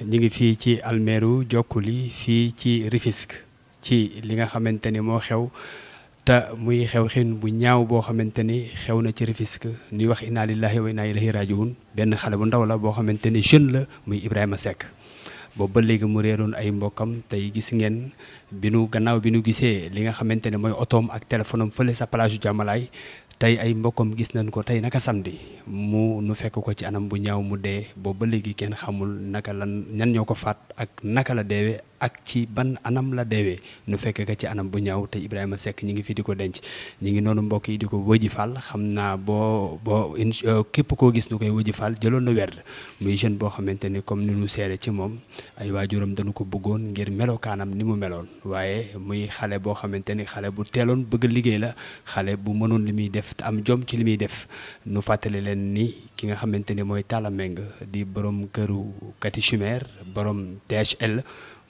ñu ngi fii ci almeeru Jokkuli fii ci Rufisque ci li nga xamante ni moo xew te muy xew xin bu ñaaw boo xamante ni xew na ci Rufisque ñuy wax inna lillahi wa inna ilayhi rajiun benn xale bu ndaw la boo xamante ni jeune la muy Ibrahima Seck boobu ba léegi mu réeroon ay mbokkam tey gis ngeen bi nu gannaaw bi nu gisee li nga xamante ne mooy otoom ak téléphone am fële sa plage Jàmmalaay tey ay mbokkam gis nañ ko tey naka samedi mu nu fekk ko ci anam bu ñaw mu dee boobu ba léegi kenn xamul naka la ñan ñoo ko faat ak naka la deewee ak ci ban anam la deewee nu fekk ka ci anam bu ñaw te Ibrahima sekk ñi ngi fi di ko denc ñi ngi noonu mbokk yi di ko wëji xam naa boo boo euh, képp koo gis nu koy wëji jëloon na werd muy jeune boo xamante ni comme nu nu seere ci moom ay waajuram dañu ko bëggoon ngir melokaanam ni mu meloon waaye muy xale boo xamante ni xale bu teeloon bëgg liggéey la xale bu mënoon li muy def am jom ci li muy def nu fàttale leen ni ki nga xamante ni mooy Talla Meng di borom këru Kati Chimère borom THL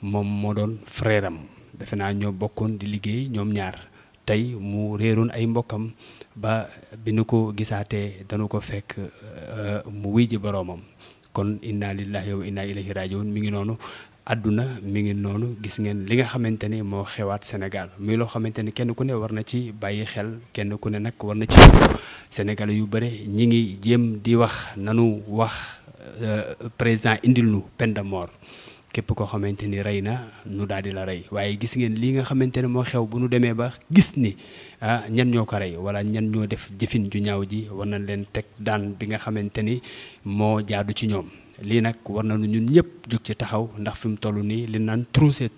moom moo doon frère defe naa ñoo bokkoon di liggéey ñoom ñaar tey mu réeroon ay mbokkam ba bi nu ko gisaatee dañu ko fekk euh, mu wuy ji boroomam kon indi lillahi wa inna ilayhi rajiun mi ngi noonu àdduna mi ngi noonu gis ngeen li nga xamante ni moo xewaat Sénégal muy loo xamante ni kenn ku ne war na ci bàyyi xel kenn ku ne nag war na ci Sénégalais yu bare ñi ngi jéem di wax nanu wax euh, président indil nu peine de mort képp koo xamante ni rey na nu daal di la rey waaye gis ngeen lii nga xamante ne moo xew bu nu demee ba gis ni ah ñan ñoo ko rey wala ñan ñoo def jëfin ju ñaaw ji war nañ leen teg daan bi nga xamante ni moo jaadu ci ñoom lii nag war na ñun ñëpp jóg ci taxaw ndax fi mu toll nii li naan trop c'est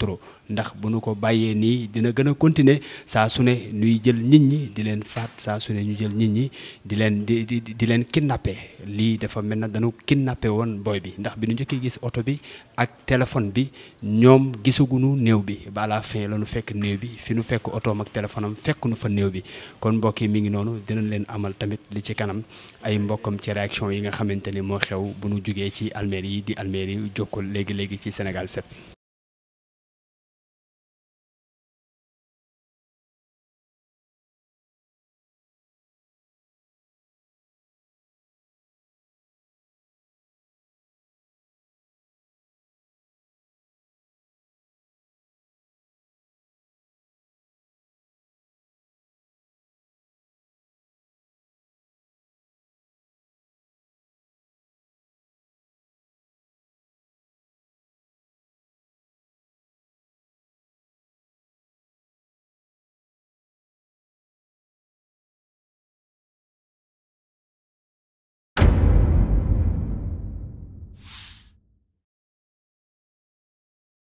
ndax bu nu ko bàyyee nii dina gën a continuer saa sune ne ñuy jël nit ñi di leen faat saa sune ñu jël nit ñi di leen di di di leen kidnappé lii dafa mel na dañu kidnappé woon booy bi ndax bi nu njëkkee gis oto bi ak téléphone bi ñoom gisaguñu néew bi ba à la fin fekk néew bi fi nu fekk otoom ak téléphone am fekk nu fa néew bi kon mbokk yi mi ngi noonu dinañ leen amal tamit li ci kanam ay mbokkam ci yi nga xamante ni moo xew bu ci almeeri yi di almeeri jokkul léegi léegi ci Sénégal 7